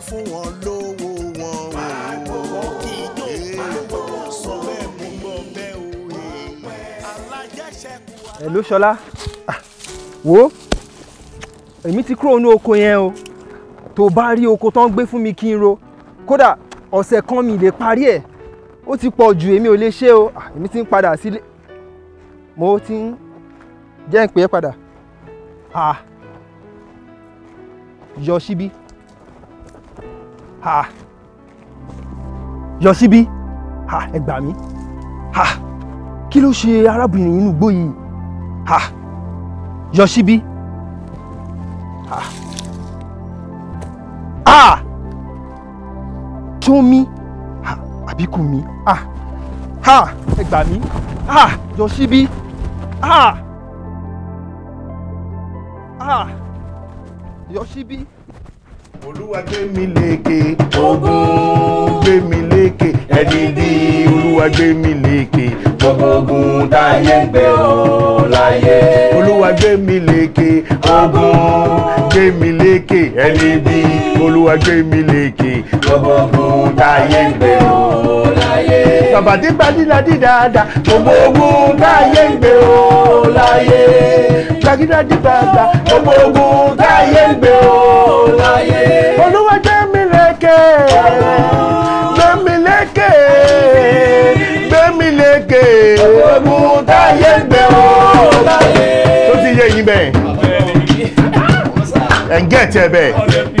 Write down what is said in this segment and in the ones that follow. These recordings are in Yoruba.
ń fún wọn lówó wọn o kì í jó sọ bẹ́ẹ̀ mú gbọ́ bẹ́ẹ̀ o alájẹsẹ̀kù. ẹ ló ṣọlá ah, wo èmi ti kúrò ní oko yẹn o tó bá rí oko tán gbé fún mi kí n ro kódà ọ̀sẹ̀ kan mi lè parí ẹ̀ ó ti pọ̀ ju èmi ò lè ṣe o ah, èmi ti ń padà sílé mo ti ń jẹ́ ń pè padà ah, yọ síbí ha yọ síbí ha ẹ gbà mí ha kí ló ṣe arábìnrin inú igbó yìí ha yọ síbí ha ah tún mí ha àbíkú mi ah ha ẹ gbà mí ah yọ síbí ah ah yọ síbí olúwa gbé mi lékè ogun gbé mi lékè ẹni bí olúwa gbé mi lékè gbogbo ogun táyé gbé o láyé olúwa gbé mi lékè ogun gbé mi ẹni bí olúwa gbé táyé gbé o láyé bàbá tí gbadí la dí dáadáa gbogbo ogun táyé gbé o láyé kàkídá di àgbà gbogbo ogun táyé ń gbé o láyé. olúwa jẹ́ mi lékè gbé mi lékè gbé mi lékè gbogbo ogun táyé ń gbé o láyé. tó ti yé yín bẹ́ẹ̀ ẹ̀ ń gẹ̀ tẹ́ bẹ́ẹ̀.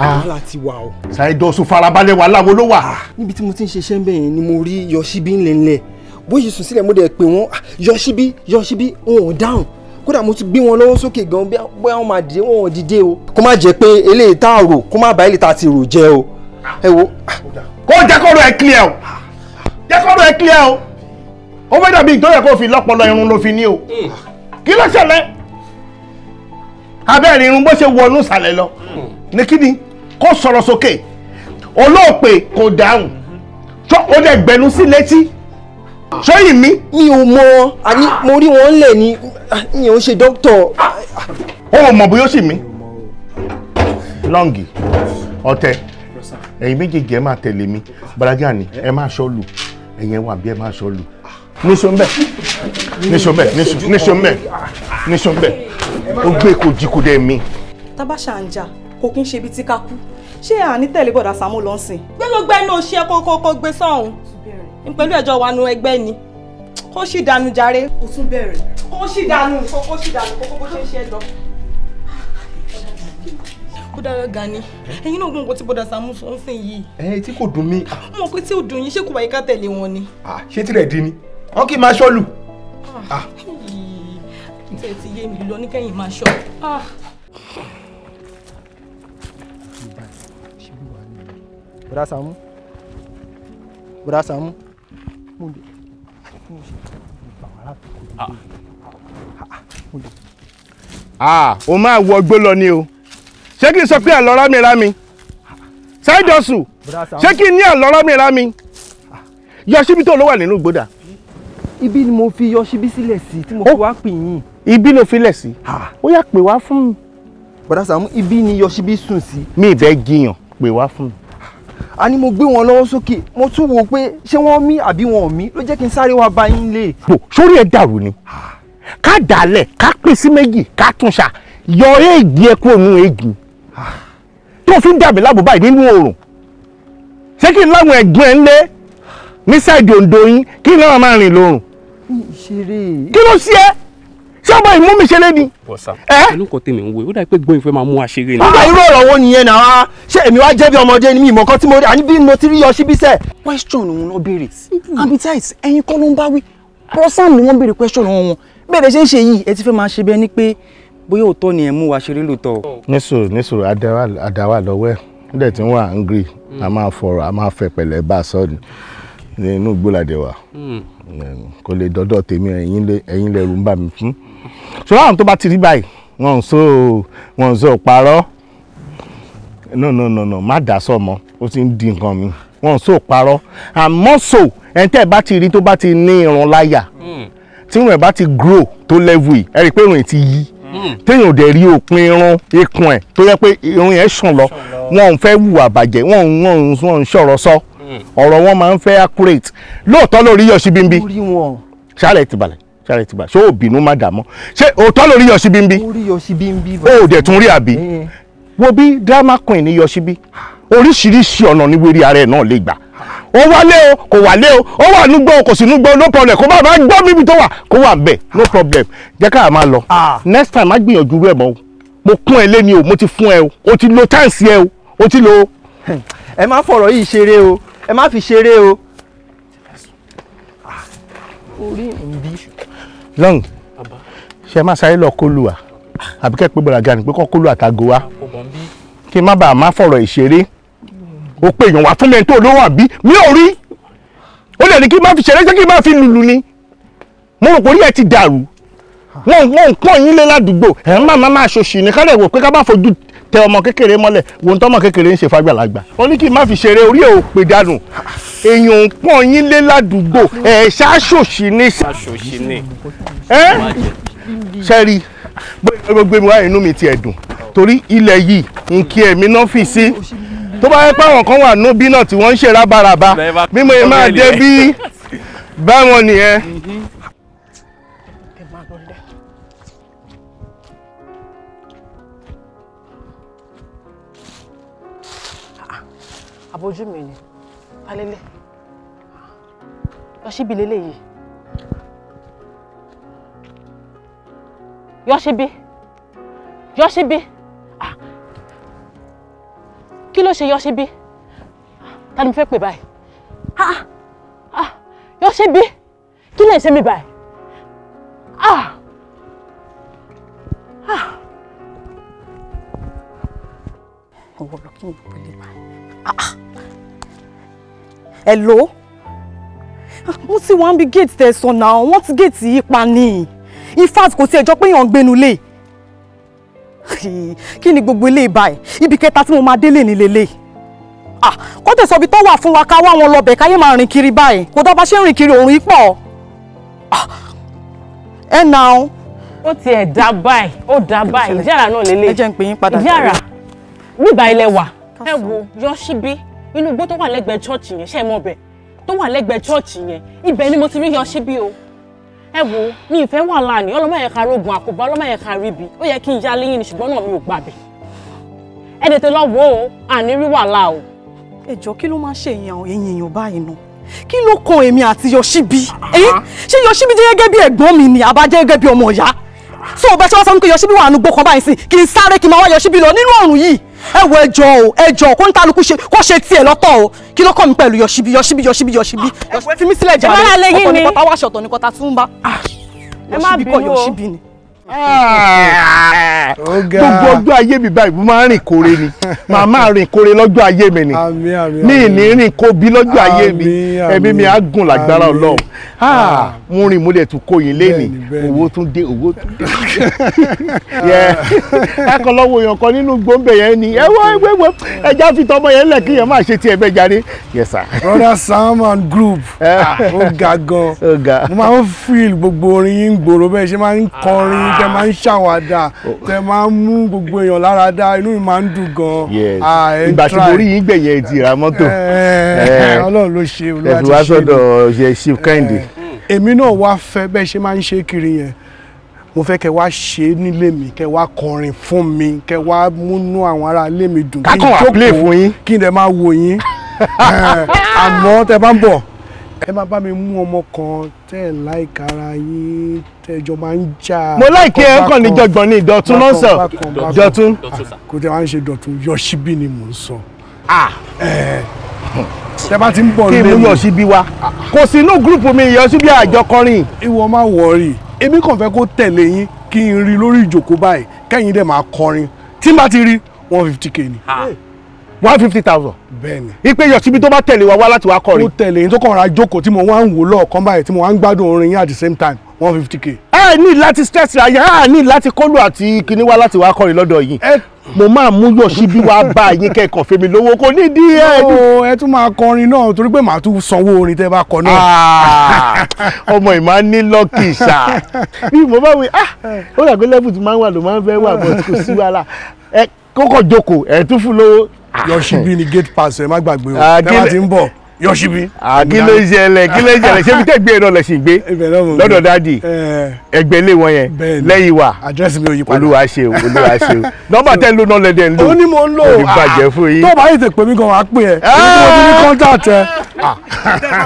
Ah. wàhálà ti wà o. ṣàìdọ̀sùn farabalẹ̀ wàhálà wo ló wà. Ah, níbi tí mo ti ń ṣiṣẹ́ ń bẹ̀ yẹn ni mo rí yọ̀ṣíbí ńlẹ̀ńlẹ̀ bó ṣe sùn sílẹ̀ mo dẹ̀ pè wọ́n ah, yọ̀ṣíbí yọ̀ṣíbí wọn ò dáhùn kódà mo ti gbé wọn lọ́wọ́ sókè gan bóyá wọn máa dìde wọn ò dìde o kó má jẹ́ pé eléyìí tá a rò kó má bá eléyìí tá a ti rò jẹ́ o ẹ wo. kó jẹ́ kó rọ ẹ clear o jẹ́ kó rọ ẹ clear o ó fẹ́ dàbí ìtọ́yẹ̀ kó fi lọ́pọlọ irun ló ní o hmm. kí ló ṣẹlẹ̀ abẹ́rẹ́ irun bó ṣe wọnú ìsàlẹ̀ lọ hmm. ní kó sọ̀rọ̀ sókè olóòpè kò dáhùn ó dẹ̀ gbẹnu sí létí sọyìn mi. mi ò mọ àní mo rí wọn lẹ ni mi ò ṣe dókítọ. ó mọ̀ bóyá ó sì mí lọ́ǹgì ọ̀tẹ̀ ẹ̀yin méjèèjì ẹ máa tẹ̀lé mi balaja ni ẹ máa ṣọ́ lù ẹ̀yin ẹ wà bí ẹ máa ṣọ́ lù níṣó mbẹ níṣó mbẹ níṣó mbẹ níṣó mbẹ ó gbé kò jí kò mi. tábàṣà ń jà kò kí ń ṣe ibi tí ká kú ṣé àní tẹ̀lé bọ̀dà Sàámú lọ sìn. gbé gbogbo ẹnu òṣì ẹ kókókó gbé sọ́hún n pẹ̀lú ẹ̀jọ́ wa nu ẹgbẹ́ ni kó sì dànù jàre. o tún bẹ̀rẹ̀. kó sì dànù kó sì dànù kó kó ṣe ń ṣe lọ. ó dára gan ni ẹ̀yin náà gbọ́n kó tí bọ̀dà Sàámú sọ ń yìí. ẹ tí kò dùn mí. Ah, mo mọ̀ tí ò dùn yín ṣé kò wáyé ká tẹ̀lé wọn ni. Ah, ṣé tirẹ̀ di ni wọn kì í máa ṣọ́ọ̀lù. tẹ̀ ah, ti yé mi lọ ní kẹ́yìn máa ṣọ́ọ̀lù. Bura samu? Bura samu? Munde. Ah, o máa wọ gbó lọ ni o. Ṣé kí n sọ pé àlọ́ rámi rámi? Sájọsù, ṣé kí n ní àlọ́ rámi rámi? Yọ̀ṣíbí tó ló wà nínú gbódà. Ibi ni mo fi Yoshibi sílẹ̀ sí tí mo fi oh. wá pè yín. Ibi ló filẹ̀ sí. Ó yá pè wá fún mi. Bọ̀dá Sàámú, ibi ni Yọ̀ṣíbí sùn sí. Mi ì bẹ́ giyàn, pè wá a ní mo gbé wọn lọ́wọ́ sókè mo tún wò pé ṣé wọ́n mí àbí wọn ò mí ló jẹ́ kí n sáré wá bá yín lé. bò sórí ẹ dàrú ni ká dàálẹ̀ ká pín sí méjì ká tún ṣá yọ éègì ẹ kúrò nínú éègì tó fi ń dàbí láàbò báyìí nínú oòrùn ṣé kí n láwọn ẹ̀gbọ́n ẹ̀ ń lé ní sáìdì òǹdó yín kí n láwọn máa rìn lóòrùn kí ló ṣe é tí ọmọ ìmú mi ṣe lé ni. wọ́sà pẹ̀lú nǹkan tèmi ń wo ó dà pé gbóyin fẹ́ máa mú aṣeré ni. bá irú ọ̀rọ̀ wo nìyẹn náà ṣé èmi wá jẹ́ bí ọmọdé ni mi ìmọ̀ kan tí mo rí àní bí mo ti rí yọ síbí question ni wọn lọ béèrè appetite ẹyin kọ́ ló ń bá wí prosan ni wọ́n béèrè question wọn wọn bẹ́ẹ̀ ṣe ń ṣe yìí ẹ ti fẹ́ máa ṣe bẹ́ẹ̀ ni pé bóyá òótọ́ ni ẹ mú wa ṣeré lóòótọ́. nísòrò nísòrò adáwà lọ́wọ́ ẹ̀ angry a hmm. máa fọ̀rọ̀ a máa fẹ́ pẹ̀lẹ́ bá a sọ ni inú gbóládé wa hmm. kò lè dọ́dọ̀ tèmi ẹ̀yin lẹ́rù ń bà mí fún. So àwọn tó bá ti rí báyìí wọn so wọn so parọ́ no no no no má dà sọ mọ́ ó ti ń di nǹkan mi wọn so parọ́ àmọ́ so ẹ̀ńtẹ́ bá ti rí tó bá ti ní irun láyà hmm. tí irun ẹ̀ bá ti grow tó level yìí ẹ rí i pé irun ẹ̀ ti yí hmm. téèyàn dẹ̀ rí òpin irun ikùn ẹ̀ tó yẹ pé irun yẹn ṣàn lọ hmm. wọn ò fẹ́ hùwà bàjẹ́ wọn ò ń ṣọ̀rọ̀ sọ ọ̀rọ̀ wọn máa ń fẹ́ accurate lóòótọ́ lórí yọ̀ṣibíbi ṣálẹ̀ ti balẹ̀ sáré ti bà ṣé ò bínú má dààmú ṣé òótọ́ lórí yọ̀ṣíbí ń bí orí yọ̀ṣíbí dẹ̀ tún rí àbí eh, eh. wo bí drama queen ní yọ̀ṣíbí oríṣiríṣi ọ̀nà ní wérí ara ẹ̀ náà lè gbà ó wálé o kò wálé o ó wà núgbọ́ kò sí núgbọ́ no problem kó bá bá gbọ́ mi ibi tó wà kó wà bẹ́ẹ̀ no ah. problem jẹ́ ká máa lọ ah. next time má gbìyànjú rẹ̀ mọ́ o mo kún ẹ lé ni o mo ti fún ẹ o o ti lo táǹsì ẹ o o ti lo. ẹ má fọ̀rọ̀ yìí ṣeré o ẹ má fi ṣeré o ah. orí ń bí lọ́hùn ṣe má sáré lọ kólu à àbí kẹ́ pé bọ̀dà gani pé kọ́ kólu àtàgò wa kí n má bàa má fọ̀rọ̀ ìṣeré ó pè yàn wá fún mi tó olówó àbí mi ò rí ó lè ní kí n má fi ṣeré ṣé kí n má fi lùlù ni mo rò pé orí ẹ ti dàrú wọn wọn kàn yín lé ládùúgbò ẹ ń bá máa máa ṣòṣì ní kálẹ̀ wò pé ká bá fojú tẹ ọmọ kékeré mọ́lẹ̀ wo ń tọ́mọ kékeré ń ṣe fàgbàlagbà ó ní kí n má fi ṣeré orí ẹ̀ ò pè dànù èèyàn ń pọ̀ yín lé ládùúgbò ẹ̀ ṣàṣòṣì ní. ṣàṣòṣì ní. ẹ ṣẹ́rí gbogbo mi wá inú mi ti ẹ̀ dùn torí ilẹ̀ yìí ń kí ẹ̀mí náà fi sí tó bá yẹ pé àwọn kan wà nóbí náà tí wọ́n ń ṣe rábàràbà mímọ́ ẹ máa dé bí báwọn nìyẹn. Mhm. àbójú mi ni falẹ́lẹ́ yọ síbi lélẹ́yìí yọ síbi yọ síbi ah. kí ló ṣe yọ síbi ta ni mo fẹ́ pè báyìí ah. Ah. yọ síbi kí lè ṣe mi báyìí. Ìwọ lọ kí n pèlè báyìí. Hello. lò ah, ó mo ti wá ń bi gate tẹ sọ náà wọ́n ti gate yìí pa ni in fact kò sí ẹjọ́ pé èèyàn ń gbénu lé kí ni gbogbo eléyìí báyìí ibi kẹta tí mo máa délé ní ah kó tẹ̀sọ̀ ibi tó wà fún wa ká wá wọn lọ́bẹ̀ káyé máa rìn kiri báyìí kò dá bá ṣe ń rìn kiri òun yìí pọ̀ ah, ẹ nà ó. ó ti ẹ̀ dá báyìí ó dá báyìí ìjára náà lélẹ̀ ìjára bíbá ilẹ̀ wà ẹ inú igbó tó wà lẹ́gbẹ̀ẹ́ chọ́ọ̀chì yẹn ṣe é mọ̀ bẹ̀ tó wà lẹ́gbẹ̀ẹ́ chọ́ọ̀chì yẹn ibẹ̀ ni mo ti rí yọ ṣíbí o ẹ wo mi ìfẹ́ wà láàánú ọlọ́mọ yẹn ká rogun àkóbá ọlọ́mọ yẹn ká ríbi ó yẹ kí n yá lẹ́yìn ni ṣùgbọ́n náà mi ò gbàbẹ̀ ẹ tètè lọ wo àní rí wàhálà o. ẹ jọ kí ló máa ṣe èèyàn èèyàn èèyàn báyìí nù kí ló kan èmi àti yọṣíbi ṣé yọṣíbi jẹ́ gẹ́gẹ́ bí ẹ̀gbọ́n mi ni àbá jẹ́ gẹ́gẹ́ bí ọmọ ìyá so bẹ́ẹ̀ ṣe wá sọ wípé yọṣíbí wà nù gbọ̀kan báyìí sí kí n sáré kí n máa wá yọṣíbí lọ nínú ọ̀run yìí ẹ wo ẹjọ o ẹjọ kó ń kálukú ṣe kó ṣe tiẹ̀ lọ́tọ̀ o kí ló kàn mí pẹ̀lú yọṣíbí yọṣíbí yọṣíbí yọṣíbí ah, fi mí sílẹ̀ jàre ọ̀tọ̀ ní kọta wáṣọ ọ̀tọ̀ ní kọta túnba yọṣíbí kọ yọṣíbí ni. Ah! gbogbo ọjọ́ ayé mi báyìí mo máa ń rìn kore ni màá máa rìn kore lọ́jọ́ ayé mi ni mi ní rìn kobi lọ́jọ́ ayé mi ẹ̀mí mi á gùn lágbára ọlọ́run ah! Ah. mo rìn mo lè tún kóyin lẹ́nìí owó tún dé owó tún dé ẹkọ lọ́wọ́ èèyàn kan nínú gbòǹbẹ̀ yẹn ni ẹ wọ ẹgbẹ́ wọ ẹja fi tọmọ yẹn lẹ̀ kí yẹn máa ṣe tiẹ̀ bẹ́ẹ̀ jáde yes sir. brother salman group ó ga gan mo máa ń feel gbogbo orin yín gbòòrò bẹ́ẹ̀ ṣe máa ń kọrin tẹ máa ń ṣàwádà oh. tẹ máa ń mú gbogbo èèyàn lára dá inú mi máa ń dùn gan ah, ìgbà tí mo rí yín gbẹ̀yìn ti ra mọ́tò. Eh, eh, eh. ọlọ́run ló ṣe olúwa ti ṣe mi. tẹ̀síwá sọ́dọ̀ ṣe ṣe kẹ́hìndé. èmi náà wá fẹ́ bẹ́ẹ̀ ṣe máa ń ṣe kiri yẹn mo fẹ́ kẹ́ wá ṣe é nílé mi kẹ́ wá kọrin fún mi kẹ́ wá múnú àwọn ará ilé mi dùn. kákan wà play fún yín. kí n dẹ̀ máa wò yín àmọ́ tẹ bá ń bọ̀ ẹ máa bá mi mú ọmọ kan tẹ́ ẹ̀ láìka ara yín tẹ́ ẹjọ́ máa ń jà. mo láìkí ẹ kàn ní jọgbọ́n ní ìdọ̀tún náà sọ dọ̀tún. kò tẹ́ wá ń ṣe dọ̀tún yọ̀ṣíbí ni mò ń sọ. Ah. tẹ́ bá ti ń bọ̀ lé kí mo yọ̀ṣíbí wa kò sí inú gúrùpù mi yọ̀ṣíbí àjọkọrin. ìwọ má wọrí èmi kàn fẹ́ kó tẹ̀lé yín kí n rí lórí ìjòkó báyìí kẹ́yìn dẹ̀ máa kọrin tí n bá ti rí one fifty k ni. Ah one fifty thousand. bẹ́ẹ̀ni. ipe yọsibi tó bá tẹ̀lé wa wá láti wá kọrin. ó tẹ̀lé yín tó kọ̀ra jókòó tí mo wá ń wò lọ́ọ̀kan báyìí tí mo wá ń gbádùn orin yín at the same time one fifty k. ẹ ní láti stress ayé ẹ ní láti kólú àti kinní wá láti wá kọrin lọ́dọ̀ yìí. mo máa mú yọsibi wá bá yín kẹ́kọ̀ọ́ fèmí lówó kò ní di ẹ. ẹ tún máa kọrin náà torí pé màá tún sanwó orin tẹ́ bá kọ náà. Ah, ọmọ ì máa ń ní lọ́kì sá bí mo bá wí ah ó dàgbé lẹ́bù tí máa ń wà ló máa ń fẹ́ wà bọ̀ kò sí wàhálà ẹ kókò jókòó ẹ tún fún lówó Ah. yọ̀ṣibí ni gate pass ẹ má gbàgbé o ah, tẹ́wọ́n ti ń bọ̀ yọ̀ṣibí. kí ah, ló ṣẹlẹ̀ kí ló ṣẹlẹ̀ ṣé tẹ́ gbé náà lẹ sì gbé lọ́dọ̀ dádì eh. ẹgbẹ́ ilé wọn yẹn lẹ́yìn wa olúwa ṣe o olúwa ṣe o nọ́mbà tẹ́ ń lò náà lẹ́dẹ̀ ń lò ó ní mo ń lò ó bàjẹ́ fún yín. tó o bá yìí tẹ pé mi gan wàá pè ẹ mo ti ní contact ẹ. ẹ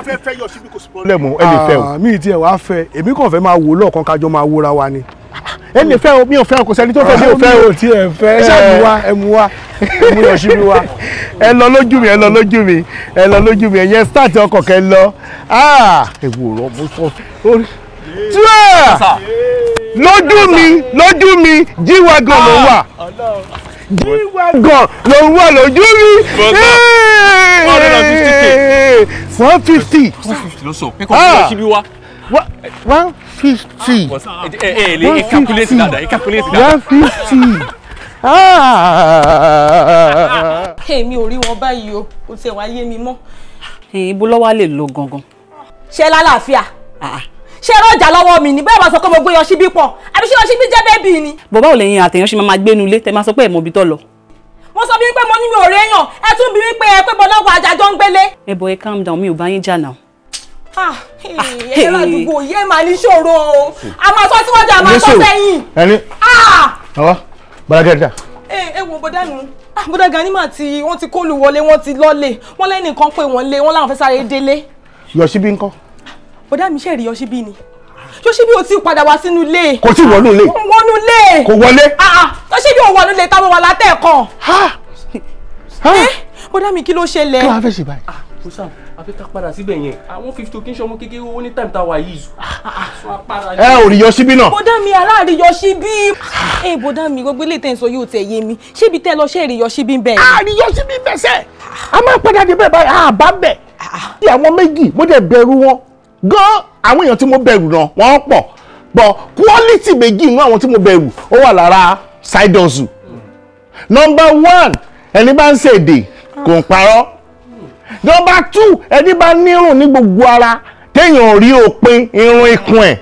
lè fẹ́ o. mi ì tiẹ̀ wá fẹ́ èmi kàn fẹ́ máa wò lọ́ọ̀kan kájọ máa wóra wa ni ẹni fẹ́ mi ò fẹ́ o kò sẹ́ni tó fẹ́ mi ò fẹ́ o. ti ah, ẹ fẹ́ ẹ mú wa ẹ mú wa ẹ mú yọ sí mi wa. ẹ lọ lójú mi ẹ lọ lójú mi ẹ lọ lójú mi ẹ̀yẹn start ọkọ̀ kẹ lọ ah! ewu ọ̀rọ̀ mo sọ tíwẹ̀ lójú mi lójú mi jíwágan ló ah! wà jíwágan ló wà lójú mi one fifty. one fifty ló sọ ẹ kò fi lọ síbi wa one fifty. ẹ ah, eh, eh, eh, calculate dada ẹ calculate dada. one fifty. èmi ah. ò rí wọn báyìí o kò tiẹ̀ wá yé mi mọ́. ibo lọ́wọ́ le lo gangan. ṣé lálàáfíà ah, ṣé rọjà lọ́wọ́ mi ni bẹ́ẹ̀ bá sọ pé mo gbé yan síbí pọ̀ àbí ṣé yan síbí jẹ́ bẹ́ẹ̀bì ni. bàbá ò lẹ́yìn àtẹ̀yàn ṣe máa gbénu ilé tẹ́ máa sọ pé ẹ̀ mọ ibi tó lọ. mo sọ bí wípé mo ní mi ò réyàn ẹ tún bí wípé ẹ pé bọlọ́wọ́ ajá jọ ń gbélé. ẹ bọ ẹ calm down mi ò bá yín jà náà Ah, ẹ̀yẹ́ ládùúgbò yẹ́ máa ní ṣòro o a máa sọ síwájú a máa sọ sẹ́yìn. ẹni ah! àwa bàlágẹ́ dà. ẹ wo bọ́dá nu ah, bọ́dá gani mà ti wọ́n ti kólu wọlé wọ́n ti lọ́lẹ̀ wọ́n lẹ́nìkan pé wọ́n lé wọ́n láwọn fẹ́ sáré délé. yọ̀síbí ńkọ́. bọ́dá mi ṣe rí yọ̀síbí ni yọ̀síbí ò tí ì padà wá sínú ilé. kò tí ì wọnú ilé. wọnú ilé. kò wọlé. Ah, yọ̀síbí ò wọnú ilé táwọn wà látẹ̀ẹ̀kan. Eh, bọ́dá mi kí ló ṣẹlẹ̀. kí wàá fẹ́ ṣe báyìí. Musam àfi ká padà síbẹ̀ yẹn àwọn fifty kí n ṣọmọ kékeré owó ní time táwa yìí zù. ẹ ò rí yọ síbí náà. bọ́dá mi aláàrí yọ síbí. ẹ bọ́dá mi gbogbo ilé tẹ̀sán yóò tẹ̀ yé mi ṣébi tẹ́ lọ ṣe èrè yọ síbí bẹ́ẹ̀. àrí yọ síbí bẹ́ẹ̀ sẹ́ a máa padà dé bẹ́ẹ̀ báyìí àbá bẹ̀. bí àwọn méjì mo dẹ̀ bẹ̀rù wọn gan àwọn èèyàn tí mo bẹ̀rù náà wọ́n pọ̀ pọ̀ quality méjì inú àwọn tí mo bẹ̀rù ó wà lára side hustle. number one ẹni bá ń ṣèdè kò ń parọ́ nọ́mbà two ẹni bá nírùn ní gbogbo ara téèyàn rí òpin irun ikùn ẹ̀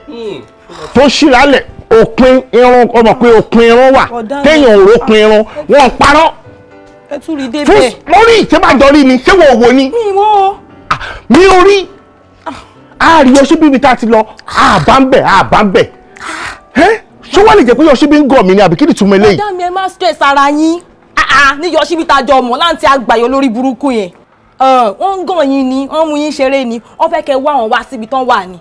tó ṣì lálẹ̀ òpin irun ọmọ pé òpin irun wà téèyàn ò rópin irun wọn parọ́ fún lórí ìtẹ́bàjọ́rí ni ṣé wọ́n wò ni ah, mi ò rí àárí ah. Yoshibi tá a ti lọ àbá ń bẹ̀ àbá ń bẹ̀ ah. ṣé wọ́n lè jẹ́ pé Yoshibi ń gọ̀ mí ni àbí kí ni túmọ̀ eléyìí. ọ̀dà mi ẹ má stress ara yín ní Yoshibi tá a jọ mọ̀ láǹtí àgbàyọ lórí burúkú yẹn wọ́n ń gàn yín ni wọ́n mú yín ṣeré ni wọ́n fẹ́ kẹ́ wá wọn wá síbi tán wà ni.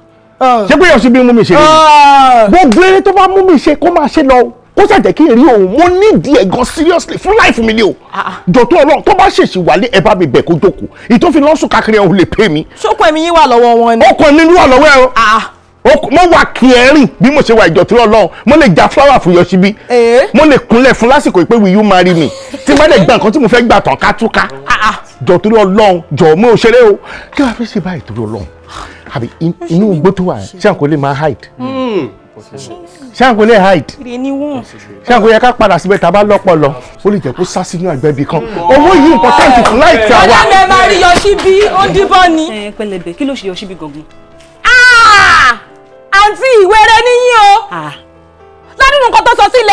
ṣé pé yọ̀sí bí mú mi ṣe rí gbogbo eré tó bá mú mi ṣe kó máa ṣe lọ kó ṣàjẹ́ kí n rí òun mo nídìí ẹ̀ gan seriously fún life mi ni o ah, ah. jọ̀tún ọlọ́run tó bá ṣèṣì wálé ẹ bá mi bẹ̀ kó jókòó ìtòfin lọ́sùn káàkiri ẹ̀ ò lè pè mí. ṣókùn ẹ̀mí yín wà lọ́wọ́ wọn ni. ọkọ̀ mi ni wà lọ́wọ́ ẹ o. Ah, mo wà kí ẹ rìn bí mo ṣe wà ìjọ tí Ọlọ́run mo lè ja flower fún yọsí bí eh? mo lè kúnlẹ̀ fún lásìkò ìpè will you marry me tí bá dẹ̀ gba nǹkan tí mo fẹ́ gbà tán ká túká ah, ah. jọ torí Ọlọ́run jọ mo ṣeré o kí wàá fi ṣe báyìí torí Ọlọ́run àbí inú igbó tó wà ṣé àǹkó lè máa hide hmm. ṣé àǹkó lè hide ṣé àǹkó yẹ ká padà síbẹ̀ tá a bá lọ́pọ̀ lọ ó lè jẹ́ kó sá sínú àgbẹ̀bí kan owó yìí important láì tẹ̀ wá. ọlọ́dẹ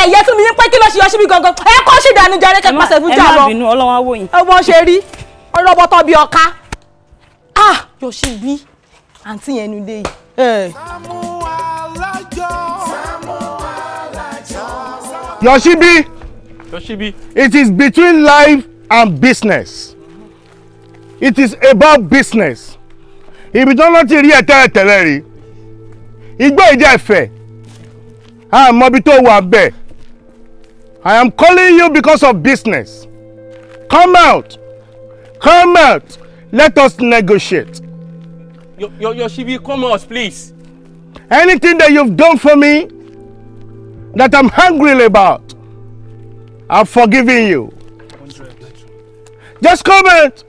ẹ̀yẹ tún mi yín pé kí ló ṣe yọ síbi gangan ẹ kọ́ sí ìdánù jàre kẹ́ pàṣẹ fún jà lọ ẹ má bínú ọlọ́wọ́ wò yín. ọmọ ṣe rí ọlọ́bọtọ́ bíi ọ̀ka ah yóò ṣe bí àǹtí yẹn nu dé yìí. Yoshibi. Yoshibi. It is between life and business. It is about business. Ibi tó ń lọ ti rí ẹ tẹ́lẹ̀tẹ́lẹ̀ rí. Igbó ìjẹ́ ẹ̀fẹ̀. Àmọ́ ibi tó wà bẹ́ẹ̀. I am calling you because of business. Come out. Come out. Let us negotiate. Your, your, your Shibi, come out, please. Anything that you've done for me that I'm hungry about, i am forgiving you. Just come out.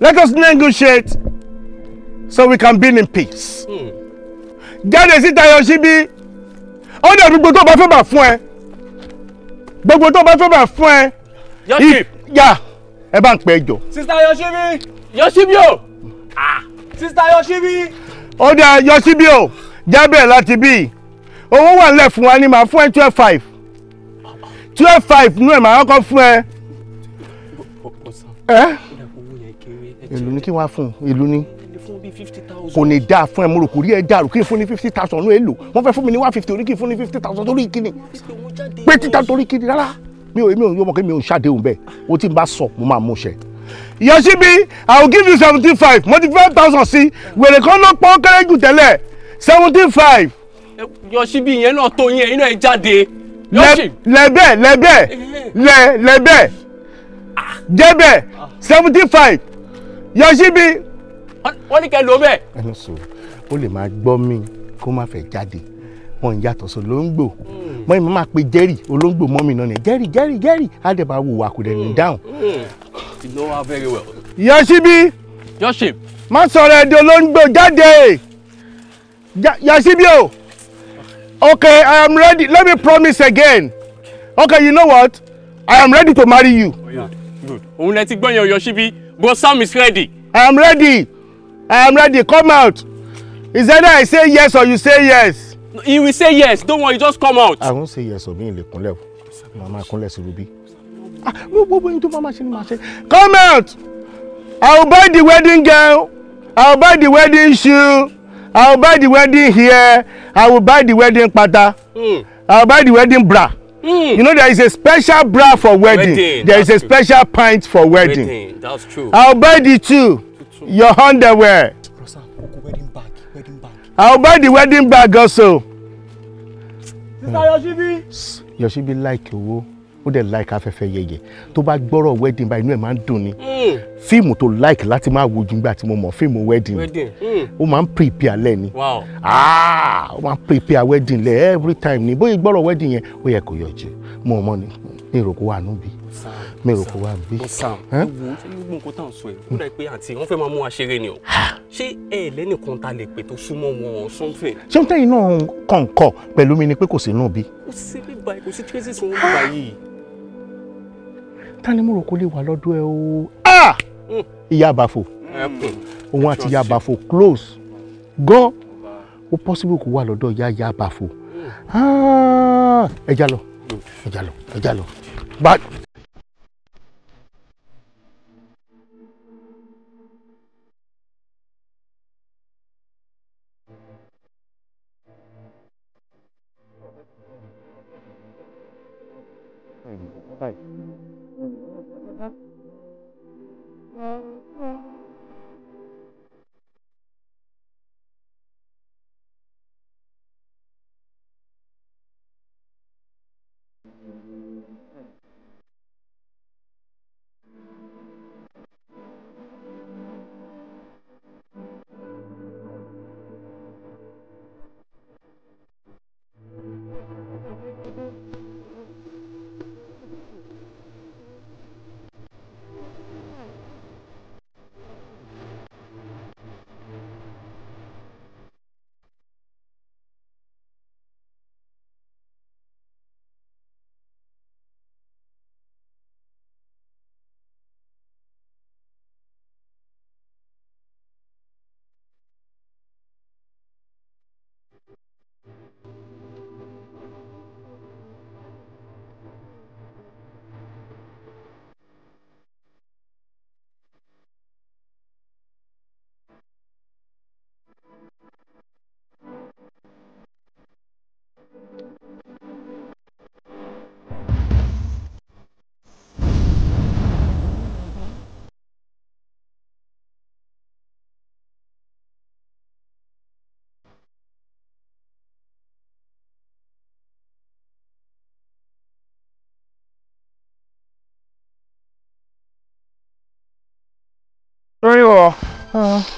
Let us negotiate so we can be in peace. Hmm. Jáde síta yọ síbí. All the people tó bá fẹ́ bà fún gbogbo tó bá fẹ́ bá fún ẹ. yọ̀ṣì. yà ẹ bá ń pẹ́ jọ. sista yọ̀ṣìbí. yọ̀ṣìbí o. Ah, sista yọ̀ṣìbí. ó dà yọ̀ṣìbí o jábẹ̀ láti bí owó wà nílẹ̀ fún wa ni màá fún ẹ twelve five twelve five nú ẹ̀ màá kọ́ fún ẹ. ẹ ìlú ni kí wàá fún ìlú ni kò ní dáa fún ẹ mo rò kò rí ẹ dàrú kí n fún ní fifty thousand lóye lò wọ́n fẹ́ fún mi ní one fifty orí kí n fún ní fifty thousand torí kíni pé títa torí kíni rárá mi ò mi ò yọmọ kí mi ò ṣàdéhùn bẹ́ẹ̀ o ti bá sọ mo máa mú ṣẹ. Yosibi I will give you seventy five mo ti five thousand sí wèrè kan ló pọ́n kéré jù tẹ́lẹ̀ seventy five. Yosibi yẹn náà tó yẹn iná ẹ jáde. lẹ́bẹ̀ lẹ́bẹ̀ lẹ́ eh. lẹ́bẹ̀ ah. jẹ́bẹ̀ ah. seventy five Yosibi wọ́n ní kẹ́ ló bẹ́ẹ̀. ẹnu sọ ó lè máa gbọ́ mi kó má fẹ́ jáde wọn yàtọ̀ sí olóńgbò mọ́ hmm. ìmọ̀ máa pe jerry olóńgbò mọ́mì náà ni jerry jerry jerry àdèbà wò wà kò dẹ̀ ní hmm. dáhùn. Hmm. you know her very well. yọ̀ṣíbí. yọ̀ṣì. má sọ̀rọ̀ èdè olóńgbò jáde yọ̀ṣíbí o okay i am ready let me promise again okay you know what i am ready to marry you. Oh, òun lẹ ti gbọ́ yẹn yọ̀ṣíbí but sam is ready. i am ready. I am ready. Come out. Is either I say yes or you say yes. He will say yes. Don't worry, just come out. I won't say yes or me in the kunle. Mama kunle si rubi. Ah, wo wo wo to mama se ni ma se. Come out. I will buy the wedding gown. I will buy the wedding shoe. I will buy the wedding hair. I will buy the wedding pata. Mm. I will buy the wedding bra. Mm. You know there is a special bra for wedding. wedding there is a true. special pint for wedding. wedding. That's true. I will buy the two also. Your underwear. Rosa, wedding bag, wedding bag. I'll buy the wedding bag also. Sister Yoshibi. Yoshibi like you. Who they like afẹ́fẹ́ yẹyẹ tó bá gbọ́rọ̀ wedding bá inú ẹ̀ máa ń dùn ni Film hmm. to like lati ma wo ju nígbà tí mo mọ̀ fíìmù wedding hmm. ó máa prepare lẹ́ ni ah, ó máa ń prepare wedding le every time ni Boy borrow wedding ye ó yẹ kó yọjú mo mọ̀ ni ní anubi mi rò kó wá bí. sam ewu ṣé gbogbo nǹkan tá à ń sọ ẹ ó dà pé àǹtí wọn fẹ́ máa mú wa ṣeré ni o ṣé ẹ lẹ́nìkan ta lè pè tó súnmọ́ wọn something. ṣé n tẹ́yìn náà kọ̀ǹkọ̀ pẹ̀lú mi ni pé kò sí inú bí. kò sí bíbá kò sí traces wọn bíbá yìí. mo rò kó lè wà lọ́dọ̀ ẹ o. Hmm. Ah! ìyá àbàfò òun àti ìyá àbàfò close gan ó possible kó wà lọ́dọ̀ ìyá ìyá àbàfò hmm. ah! ẹja lọ hmm. ẹja lọ ẹja lọ.